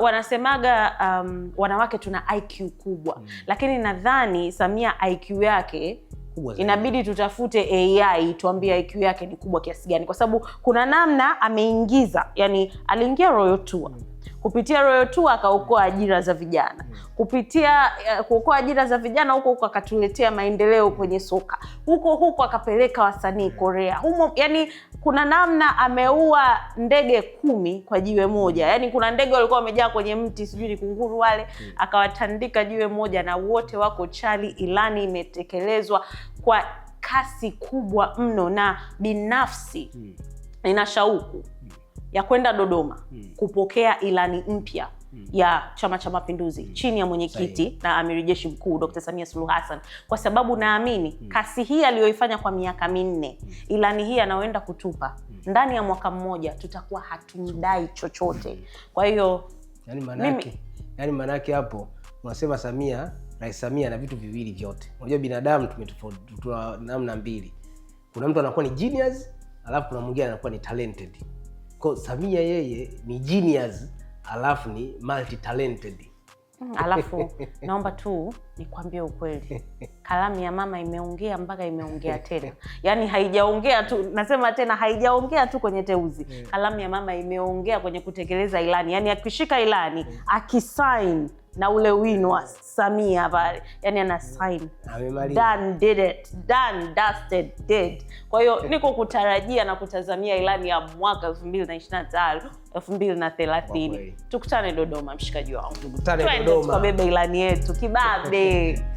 wanasemaga um, wanawake tuna IQ kubwa mm. Lakini nadhani Samia IQ yake inabidi tutafute AI tuambie IQ yake ni kubwa kiasi gani, kwa sababu kuna namna ameingiza, yani aliingia Royal Tour mm. Kupitia Royal Tour akaokoa ajira za vijana, hmm. kupitia eh, kuokoa ajira za vijana huko huko akatuletea maendeleo kwenye soka, huko huko akapeleka wasanii hmm. Korea humo. Yani kuna namna ameua ndege kumi kwa jiwe moja. Hmm. Yani kuna ndege walikuwa wamejaa kwenye mti, sijui ni kunguru wale, akawatandika jiwe moja na wote wako chali. Ilani imetekelezwa kwa kasi kubwa mno na binafsi nina shauku ya kwenda Dodoma hmm. kupokea ilani mpya hmm. ya Chama cha Mapinduzi hmm. chini ya mwenyekiti na amiri jeshi mkuu Dr. Samia Suluhu Hassan, kwa sababu naamini hmm. kasi hii aliyoifanya kwa miaka minne hmm. ilani hii anayoenda kutupa hmm. ndani ya mwaka mmoja tutakuwa hatumdai hmm. chochote. hmm. Kwa hiyo yani manake, mimi... yani manake hapo unasema Samia, Rais Samia na vitu viwili vyote. Unajua binadamu tumetofauti namna mbili, kuna mtu anakuwa ni genius alafu kuna mwingine anakuwa ni talented. Kwa Samia yeye ni genius alafu ni multi talented. Mm, alafu naomba tu nikwambie ukweli, kalamu ya mama imeongea mpaka imeongea tena, yaani haijaongea tu, nasema tena haijaongea tu kwenye teuzi. Mm. Kalamu ya mama imeongea kwenye kutekeleza ilani, yaani akishika ilani mm. akisaini na ule win wa Samia pale, yani ana sign done did it done dusted did. Kwa hiyo niko kutarajia na kutazamia ilani ya mwaka 2025 2030. Tukutane Dodoma, mshikaji wangu, tukutane Dodoma, tukabebe ilani yetu kibabe.